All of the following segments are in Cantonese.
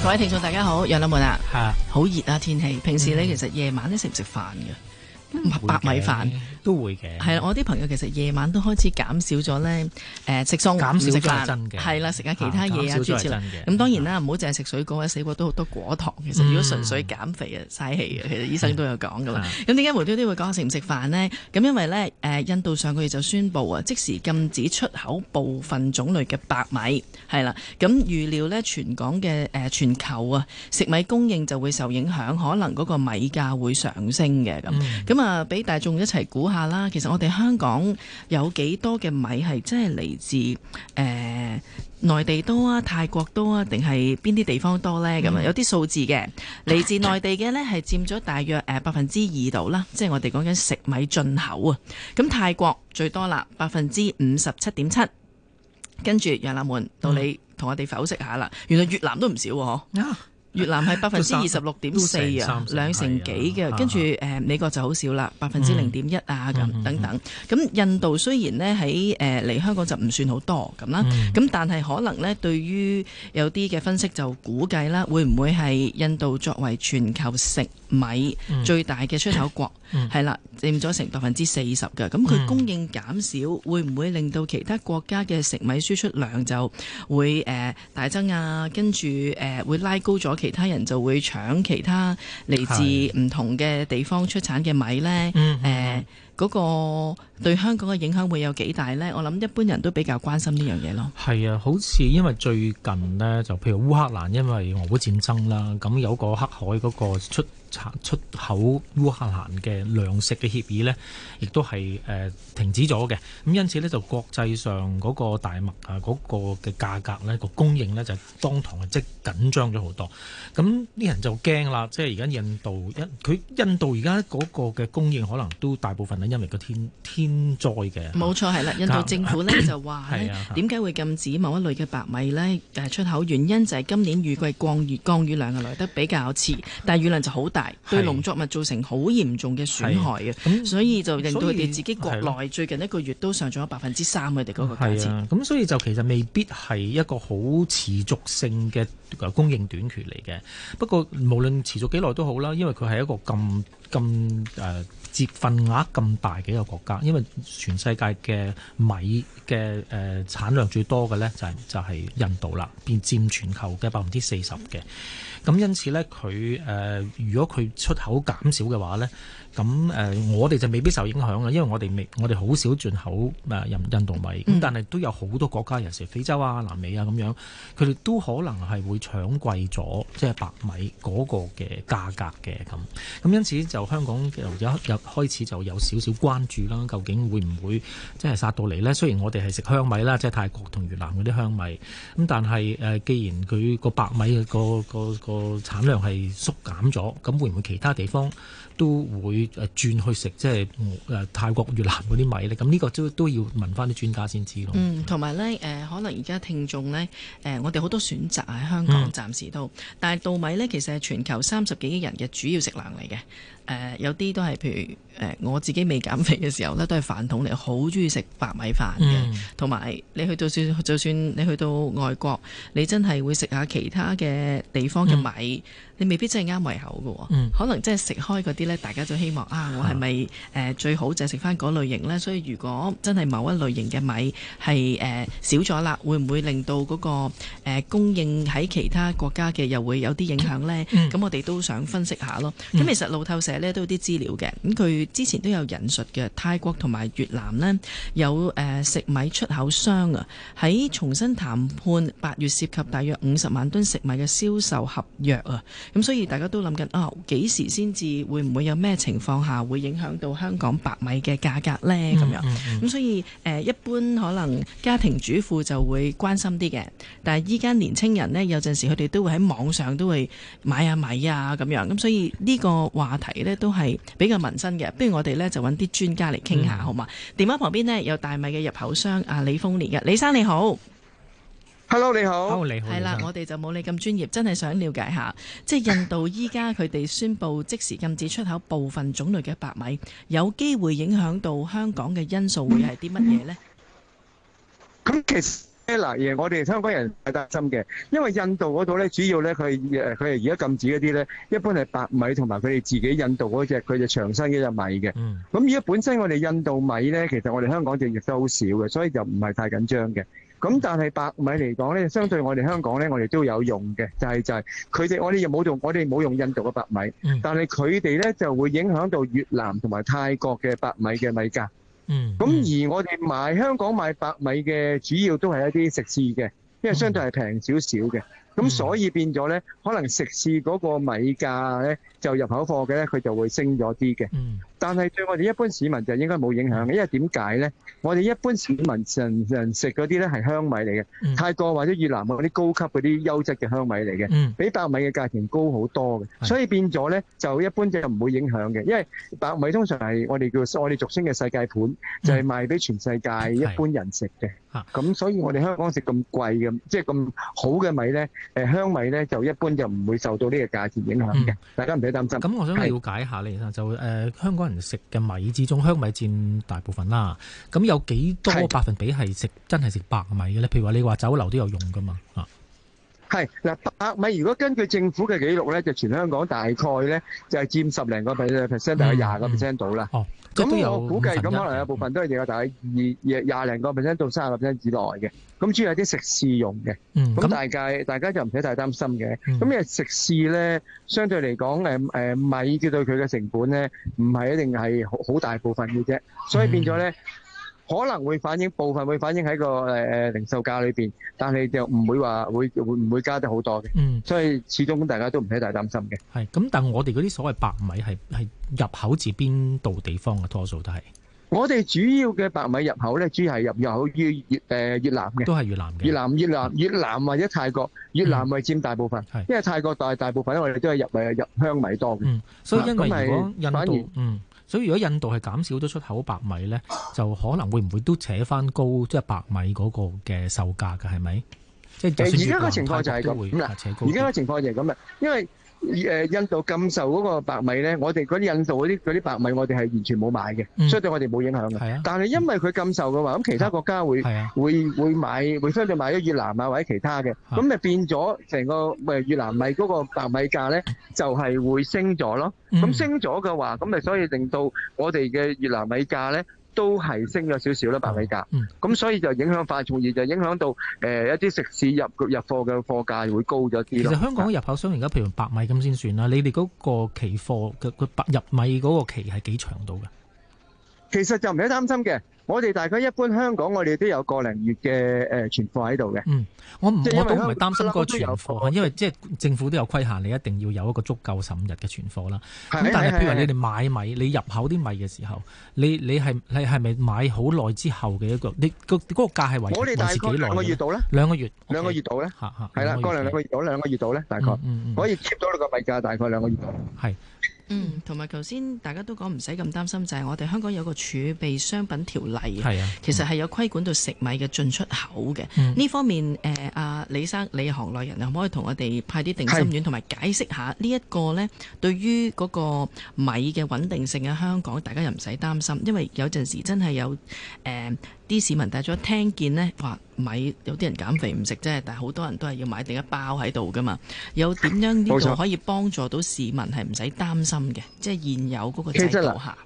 各位聽眾大家好，楊老滿啊，好熱哈啊天氣，平時你、嗯、其實夜晚都食唔食飯嘅？白米飯都會嘅，係啦，我啲朋友其實夜晚都開始減少咗咧，誒、呃、食餸唔食飯，係啦，食下其他嘢啊，諸如此類。咁子、嗯、當然啦，唔好淨係食水果啊，水果都好多果糖。嗯、其實如果純粹減肥啊，嘥氣嘅，其實醫生都有講㗎。咁點解無端端會講食唔食飯呢？咁因為咧，誒、印度上個月就宣布啊，即時禁止出口部分種類嘅白米，係啦，咁預料咧全港嘅誒、全球啊食米供應就會受影響，可能嗰個米價會上升嘅咁。咁、嗯咁啊，俾大眾一齊估下啦。其實我哋香港有幾多嘅米係真係嚟自誒、呃、內地多啊、泰國多啊，定係邊啲地方多呢？咁啊、嗯，有啲數字嘅，嚟自內地嘅呢，係佔咗大約百分之二度啦。即係我哋講緊食米進口啊。咁泰國最多啦，百分之五十七點七。跟住楊立門，到你同我哋剖析下啦。嗯、原來越南都唔少喎、啊，啊越南係百分之二十六點四啊，兩成幾嘅、啊，啊、跟住誒、呃、美國就好少啦，百分之零點一啊咁、嗯、等等。咁、嗯嗯嗯、印度雖然咧喺誒嚟香港就唔算好多咁啦，咁、嗯、但係可能咧對於有啲嘅分析就估計啦，會唔會係印度作為全球食米最大嘅出口國，係、嗯、啦佔咗成百分之四十嘅，咁佢、嗯、供應減少會唔會令到其他國家嘅食米輸出量就會誒、呃、大增啊？跟住誒、呃、會拉高咗其其他人就會搶其他嚟自唔同嘅地方出產嘅米呢。誒嗰個對香港嘅影響會有幾大呢？我諗一般人都比較關心呢樣嘢咯。係啊，好似因為最近呢，就譬如烏克蘭因為俄烏戰爭啦，咁有個黑海嗰個出出口烏克蘭嘅糧食嘅協議呢，亦都係誒、呃、停止咗嘅。咁因此呢，就國際上嗰個大麥啊，嗰、個嘅價格呢，個供應呢，就是、當堂係即緊張咗好多。咁啲人就驚啦，即係而家印度一佢印度而家嗰個嘅供應可能都大部分係，因為個天天災嘅。冇錯，係啦，印度政府呢， 就話咧，點解的會禁止某一類嘅白米呢？誒出口？原因就係今年雨季降雨降雨量啊來得比較遲，但係雨量就好大。對農作物造成好嚴重嘅損害嘅，咁所以就令到佢哋自己國內最近一個月都上咗百分之三佢哋嗰個價錢。咁所以就其實未必係一個好持續性嘅供應短缺嚟嘅。不過無論持續幾耐都好啦，因為佢係一個咁。咁誒佔份額咁大嘅一個國家，因為全世界嘅米嘅誒、呃、產量最多嘅呢，就係、就係、係、印度啦，便佔全球嘅百分之四十嘅。咁因此呢，佢誒、呃、如果佢出口減少嘅話呢。咁誒，我哋就未必受影響啦，因為我哋未我哋好少進口誒印印度米咁，嗯、但係都有好多國家，尤其係非洲啊、南美啊咁樣，佢哋都可能係會搶貴咗，即係白米嗰個嘅價格嘅咁。咁因此就香港由一開始就有少少關注啦，究竟會唔會即係殺到嚟呢？雖然我哋係食香米啦，即係泰國同越南嗰啲香米咁，但係既然佢個白米嘅個個個產量係縮減咗，咁會唔會其他地方？都會誒轉去食，即係誒、呃、泰國、越南嗰啲米咧。咁呢個都都要問翻啲專家先知咯。嗯，同埋咧誒，可能而家聽眾咧誒，我哋好多選擇喺香港，暫時都。嗯、但係稻米咧，其實係全球三十幾億人嘅主要食糧嚟嘅。誒、呃，有啲都係譬如。誒我自己未減肥嘅時候咧，都係飯桶嚟，好中意食白米飯嘅。同埋、嗯、你去到算就算你去到外國，你真係會食下其他嘅地方嘅米，嗯、你未必真係啱胃口嘅。嗯、可能真係食開嗰啲咧，大家就希望啊，我係咪誒最好就係食翻嗰類型咧？所以如果真係某一類型嘅米係誒、呃、少咗啦，會唔會令到嗰、嗰個、呃、供應喺其他國家嘅又會有啲影響咧？咁、嗯嗯、我哋都想分析一下咯。咁其實路透社咧都有啲資料嘅，咁、嗯、佢。之前都有引述嘅，泰國同埋越南咧有誒、呃、食米出口商啊，喺重新談判八月涉及大約五十萬噸食米嘅銷售合約啊，咁所以大家都諗緊啊幾時先至會唔會有咩情況下會影響到香港白米嘅價格咧？咁樣，咁、嗯嗯嗯、所以誒、呃、一般可能家庭主婦就會關心啲嘅，但係依家年青人咧有陣時佢哋都會喺網上都會買下米啊咁樣，咁所以呢個話題咧都係比較民生嘅。不如我哋咧就揾啲專家嚟傾下好嘛？電話、嗯、旁邊呢，有大米嘅入口商啊李豐年嘅李生你好，Hello 你好，Hello，你好，係啦、oh,，的我哋就冇你咁專業，真係想了解下，即係印度依家佢哋宣布即時禁止出口部分種類嘅白米，有機會影響到香港嘅因素會係啲乜嘢咧？ 嗯嗯嗯嗯其實嗱，誒，我哋香港人係擔心嘅，因為印度嗰度咧，主要咧佢誒佢哋而家禁止嗰啲咧，一般係白米同埋佢哋自己印度嗰隻，佢就長身嗰隻米嘅。嗯，咁而家本身我哋印度米咧，其實我哋香港就亦都好少嘅，所以就唔係太緊張嘅。咁但係白米嚟講咧，相對我哋香港咧，我哋都有用嘅，就係就係佢哋我哋又冇用，我哋冇用印度嘅白米，但係佢哋咧就會影響到越南同埋泰國嘅白米嘅米價。嗯，咁、嗯、而我哋買香港買白米嘅主要都係一啲食肆嘅，因為相對係平少少嘅，咁、嗯、所以變咗咧，可能食肆嗰個米價咧就入口貨嘅咧，佢就會升咗啲嘅。嗯。但係對我哋一般市民就應該冇影響嘅，因為點解咧？我哋一般市民人人食嗰啲咧係香米嚟嘅，泰國或者越南嗰啲高級嗰啲優質嘅香米嚟嘅，比白米嘅價錢高好多嘅，所以變咗咧就一般就唔會影響嘅，因為白米通常係我哋叫我哋俗稱嘅世界盤，就係賣俾全世界一般人食嘅。咁所以我哋香港食咁貴嘅，即係咁好嘅米咧，誒香米咧就一般就唔會受到呢個價錢影響嘅。大家唔使擔心。咁我想了解下你啦，就誒香港。人食嘅米之中，香米佔大部分啦。咁有幾多百分比係食真係食白米嘅咧？的譬如話你話酒樓都有用㗎嘛，啊？係嗱，白米如果根據政府嘅記錄咧，就全香港大概咧就係佔十零個 percent，大概廿個 percent 到啦。咁我估計咁可能有部分都係而家大概廿零個 percent 到三十個 percent 以內嘅。咁主要係啲食肆用嘅，咁大家大家就唔使太擔心嘅。咁因為食肆咧，相對嚟講誒誒米對佢嘅成本咧，唔係一定係好大部分嘅啫，所以變咗咧。可能會反映部分會反映喺個誒誒零售價裏邊，但係就唔會話會會唔會加得好多嘅。嗯，所以始終大家都唔使太擔心嘅。係咁，但係我哋嗰啲所謂白米係係入口自邊度地方嘅，多數都係。我哋主要嘅白米入口咧，主要係入口於越誒越南嘅。都係越南嘅。越南、越南、越南或者泰國，越南係佔大部分。係。因為泰國大大部分，我哋都係入誒入香米多嘅。嗯，所以因為如果印度，嗯。所以如果印度係減少咗出口白米咧，就可能會唔會都扯翻高即係，就是，白米嗰個嘅售價㗎？係咪？即係而家個情況就係咁。咁而家嘅情況就係咁啦，因為誒，印度禁售嗰個白米咧，我哋嗰啲印度嗰啲嗰啲白米，我哋係完全冇買嘅，所以對我哋冇影響嘅。係啊，但係因為佢禁售嘅話，咁其他國家會會會買，會相對買咗越南啊或者其他嘅，咁咪變咗成個咪越南米嗰個白米價咧，就係會升咗咯。咁升咗嘅話，咁咪所以令到我哋嘅越南米價咧。都係升咗少少啦，白米價。咁、嗯、所以就影響快從而就影響到誒、呃、一啲食肆入入貨嘅貨價會高咗啲。其實香港的入口商而家譬如白米咁先算啦，你哋嗰個期貨嘅嘅白入米嗰個期係幾長度㗎？其實就唔使擔心嘅，我哋大概一般香港，我哋都有個零月嘅誒存貨喺度嘅。嗯，我唔，我都唔係擔心個存貨，因為即係政府都有規限，你一定要有一個足夠十五日嘅存貨啦。但係譬如你哋買米，你入口啲米嘅時候，你你係你係咪買好耐之後嘅一個？你個嗰個價係維持幾耐？兩個月到咧，兩個月兩個月到咧，係啦，個零兩個月，呢？兩個月到咧，大概可以 keep 到呢個米價，大概兩個月到。係。嗯，同埋頭先大家都講唔使咁擔心，就係、是、我哋香港有個儲備商品條例，啊嗯、其實係有規管到食米嘅進出口嘅。呢、嗯、方面，誒、呃、阿李生，你行內人可唔可以同我哋派啲定心丸，同埋是解釋下呢一個呢？對於嗰個米嘅穩定性喺香港，大家又唔使擔心，因為有陣時真係有誒啲、呃、市民大咗聽見呢話米有啲人減肥唔食啫，但係好多人都係要買定一包喺度噶嘛。有點樣呢度可以幫助到市民係唔使擔心。嘅，即係現有嗰個制度下，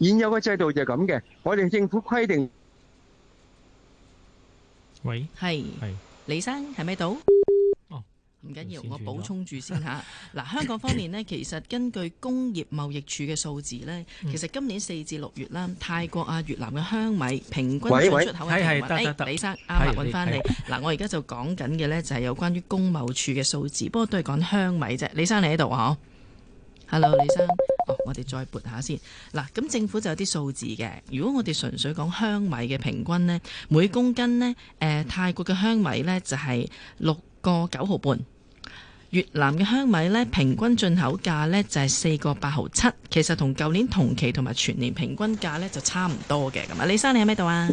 現有個制度就係咁嘅。我哋政府規定，喂，係，係李生，係咪到？哦，唔緊要，我補充住先吓。嗱，香港方面咧，其實根據工業貿易署嘅數字咧，其實今年四至六月啦，泰國啊、越南嘅香米平均出出口嘅數字，喂喂，係係得得，李生啱啱揾翻嚟。嗱，我而家就講緊嘅咧，就係有關於工貿署嘅數字，不過都係講香米啫。李生你喺度啊？hello，李生，哦、我哋再撥下先。嗱，咁政府就有啲數字嘅。如果我哋純粹講香米嘅平均呢，每公斤呢，誒、呃，泰國嘅香米呢就係六個九毫半，越南嘅香米呢平均進口價呢就係四個八毫七。其實同舊年同期同埋全年平均價呢就差唔多嘅。咁啊，李生你喺咪度啊？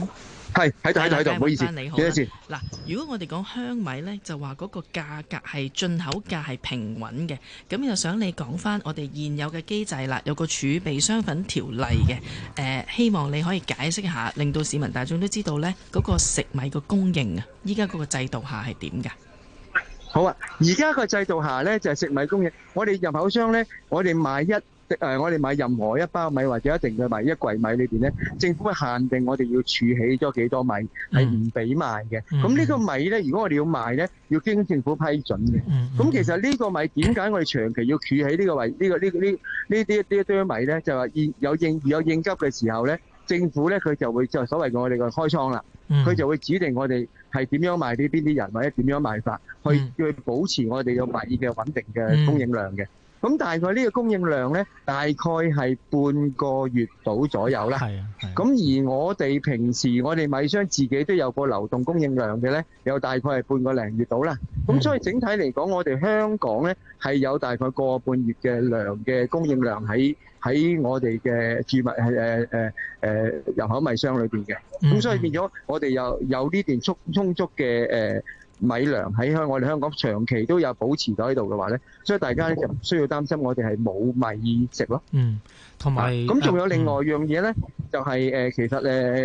係，喺度喺度喺度，唔好意思。你好。嗱，如果我哋講香米咧，就話嗰個價格係進口價係平穩嘅，咁又想你講翻我哋現有嘅機制啦，有個儲備商品條例嘅，誒，希望你可以解釋下，令到市民大眾都知道咧嗰個食米個供應啊，依家嗰個制度下係點噶？好啊，而家個制度下咧就係食米供應，我哋入口商咧，我哋賣一。誒、呃，我哋買任何一包米或者一定嘅買一櫃米裏面，咧，政府會限定我哋要儲起咗幾多米，係唔俾賣嘅。咁呢個米咧，如果我哋要賣咧，要經政府批准嘅。咁、mm hmm. 其實呢個米點解我哋長期要儲起呢個位、呢個呢個呢個呢個、呢個呢呢呢啲啲一堆米咧？就係應有應有應急嘅時候咧，政府咧佢就會就所謂我哋嘅開倉啦，佢、mm hmm. 就會指定我哋係點樣賣俾邊啲人，或者點樣賣法，去去保持我哋嘅米嘅穩定嘅供應量嘅。咁大概呢個供應量咧，大概係半個月到左右啦。係啊，咁而我哋平時我哋米商自己都有個流動供應量嘅咧，有大概係半個零月到啦。咁所以整體嚟講，我哋香港咧係有大概個半月嘅量嘅供應量喺喺我哋嘅住米誒誒誒，入口米商裏邊嘅。咁所以變咗我哋有有呢段充充足嘅誒。米糧喺香港，我哋香港長期都有保持咗喺度嘅話咧，所以大家咧就唔需要擔心我哋係冇米食咯。嗯，同埋，咁仲有另外樣嘢咧，就係誒，其實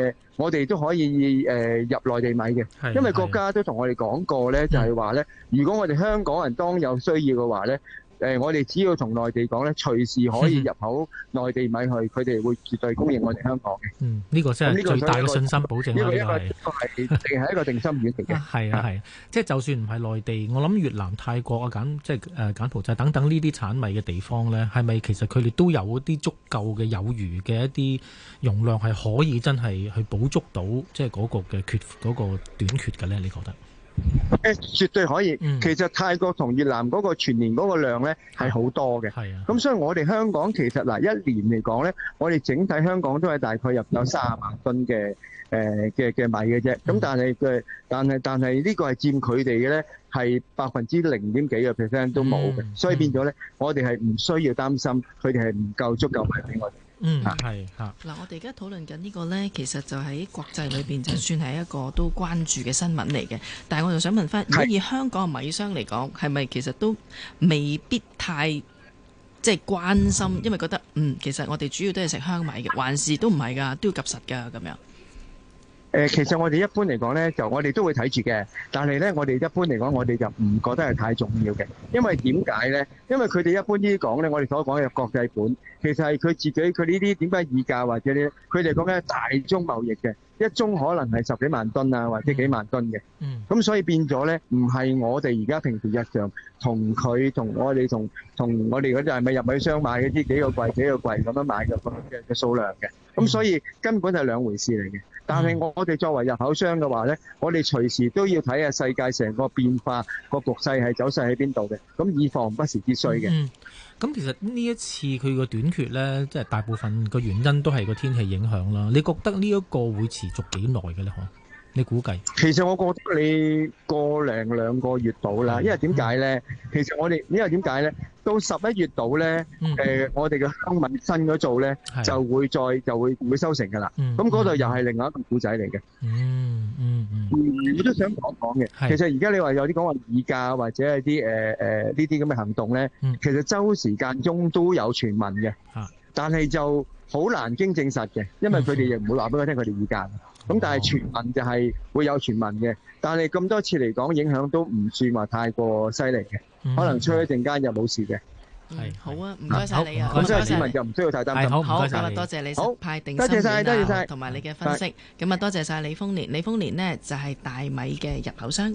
誒，我哋都可以誒入內地米嘅，因為國家都同我哋講過咧，就係話咧，如果我哋香港人當有需要嘅話咧。誒、呃，我哋只要從內地講咧，隨時可以入口內地米去，佢哋會絕對供應我哋香港嘅。嗯，呢、呢個真係最大嘅信心保證啦、啊、呢一個係定係一個定心丸嚟嘅。係啊係啊，即係、啊啊即係、就算唔係內地，我諗越南、泰國啊、柬、即係，即係誒柬埔寨等等呢啲產米嘅地方咧，係咪其實佢哋都有，夠嘅有嘅一啲足夠嘅有餘嘅一啲容量，係可以真係去補足到即係嗰個嘅缺嗰、嗰個、短缺嘅咧？你覺得？誒絕對可以，其實泰國同越南嗰個全年嗰個量咧係好多嘅，係啊，咁所以我哋香港其實嗱一年嚟講咧，我哋整體香港都係大概入到三十萬噸嘅誒嘅嘅米嘅啫，咁但係嘅，但係但係呢個係佔佢哋嘅咧係百分之零點幾嘅 percent 都冇嘅，所以變咗咧，我哋係唔需要擔心佢哋係唔夠足夠賣俾我哋。嗯，係吓、嗯。嗱，我哋而家討論緊呢個呢，其實就喺國際裏邊，就算係一個都關注嘅新聞嚟嘅。但係，我就想問返，如果以香港嘅米商嚟講，係咪其實都未必太即係關心，因為覺得嗯，其實我哋主要都係食香米嘅，還是都唔係㗎，都要及實㗎咁樣。誒，其實我哋一般嚟講咧，就我哋都會睇住嘅。但係咧，我哋一般嚟講，我哋就唔覺得係太重要嘅。因為點解咧？因為佢哋一般呢啲講咧，我哋所講嘅國際盤，其實係佢自己佢呢啲點解議價或者啲，佢哋講嘅係大宗貿易嘅，一宗可能係十幾萬噸啊，或者幾萬噸嘅。嗯。咁所以變咗咧，唔係我哋而家平時日常同佢同我哋同同我哋嗰啲係咪入米商買嗰啲幾個櫃幾個櫃咁樣買嘅嘅嘅數量嘅。咁所以根本係兩回事嚟嘅。但係我哋作為入口商嘅話呢，我哋隨時都要睇下世界成個變化個局勢係走勢喺邊度嘅，咁以防不時之需嘅。咁、嗯嗯、其實呢一次佢個短缺呢，即係大部分個原因都係個天氣影響啦。你覺得呢一個會持續幾耐嘅呢？你估計？其實我覺得你過零兩個月到啦，因為點解咧？其實我哋，因為點解咧？到十一月到咧，誒，我哋嘅香米新嗰造咧就會再就會會收成噶啦。咁嗰度又係另外一個故仔嚟嘅。嗯嗯嗯，我都想講講嘅。其實而家你話有啲講話議價或者係啲誒誒呢啲咁嘅行動咧，其實周時間中都有傳聞嘅，但係就好難經證實嘅，因為佢哋亦唔會話俾我聽佢哋議價。咁但係傳聞就係會有傳聞嘅，但係咁多次嚟講，影響都唔算話太過犀利嘅，可能吹一陣間又冇事嘅。嗯，好啊，唔該曬你啊，唔該曬。咁所以市民就唔需要太擔心，唔該曬。好，咁啊，多謝你派定心丸同埋你嘅分析。咁啊，多謝曬李豐年，李豐年呢就係大米嘅入口商。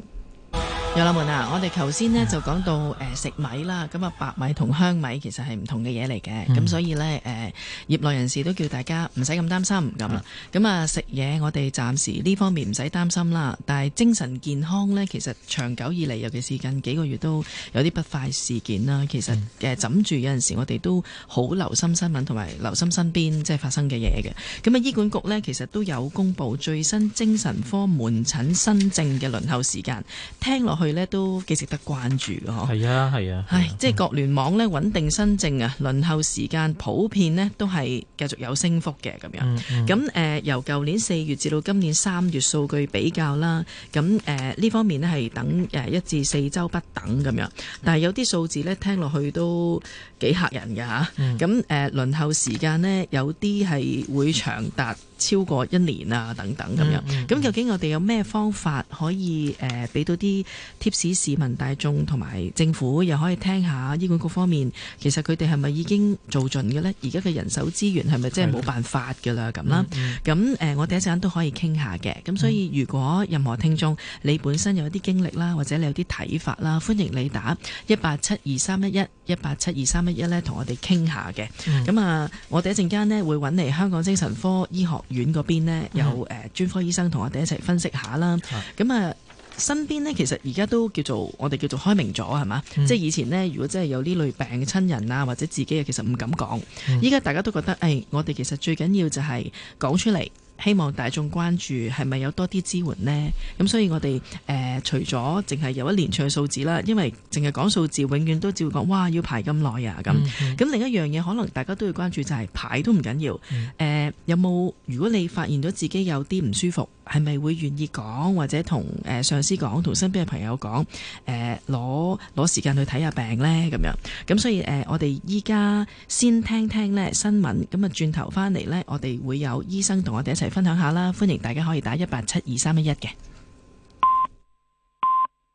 友友們啊，我哋頭先呢就講到誒食、呃、米啦，咁啊白米同香米其實係唔同嘅嘢嚟嘅，咁、嗯、所以呢，誒、呃、業內人士都叫大家唔使咁擔心唔咁啦。咁、嗯、啊食嘢我哋暫時呢方面唔使擔心啦，但係精神健康呢，其實長久以嚟，尤其是近幾個月都有啲不快事件啦，其實誒枕、嗯呃、住有陣時候我哋都好留心新聞同埋留心身邊即係發生嘅嘢嘅。咁啊醫管局呢，其實都有公布最新精神科門診新症嘅輪候時間，聽落。佢咧都幾值得關注嘅嗬，係啊係啊，唉、啊，是啊是啊嗯、即係國聯網咧穩定新政啊，輪候時間普遍呢都係繼續有升幅嘅咁樣。咁誒、嗯嗯呃、由舊年四月至到今年三月數據比較啦，咁誒呢方面呢係等誒一至四周不等咁樣，但係有啲數字呢聽落去都幾嚇人嘅嚇。咁誒、嗯呃、輪候時間呢，有啲係會長達超過一年啊，等等咁樣。咁、嗯嗯、究竟我哋有咩方法可以誒俾、呃、到啲貼士市民大眾同埋政府又可以聽下醫管局方面，其實佢哋係咪已經做盡嘅呢？而家嘅人手資源係咪真係冇辦法嘅、嗯嗯、啦？咁啦、嗯，咁、嗯呃、我哋一陣間都可以傾下嘅。咁所以如果任何聽眾，你本身有啲經歷啦，或者你有啲睇法啦，歡迎你打一八七二三一一一八七二三一一咧，同我哋傾下嘅。咁啊、呃，我哋一陣間呢，會揾嚟香港精神科醫學院嗰邊呢，有誒專科醫生同我哋一齊分析下啦。咁啊，身邊呢，其實而家都叫做我哋叫做開明咗係嘛？嗯、即係以前呢，如果真係有呢類病嘅親人啊，或者自己啊，其實唔敢講。依家大家都覺得誒、哎，我哋其實最緊要就係講出嚟。希望大眾關注係咪有多啲支援咧？咁所以我哋誒、呃、除咗淨係有一連串數字啦，因為淨係講數字，永遠都只會講哇要排咁耐啊咁。咁、mm hmm. 另一樣嘢可能大家都會關注就係、是、排都唔緊要，要。誒、mm hmm. 呃、有冇如果你發現咗自己有啲唔舒服，係咪會願意講或者同誒上司講同身邊嘅朋友講誒攞攞時間去睇下病咧咁樣，咁所以誒、呃、我哋依家先聽聽咧新聞，咁啊轉頭翻嚟咧，我哋會有醫生同我哋一齊。分享下啦，歡迎大家可以打一八七二三一一嘅。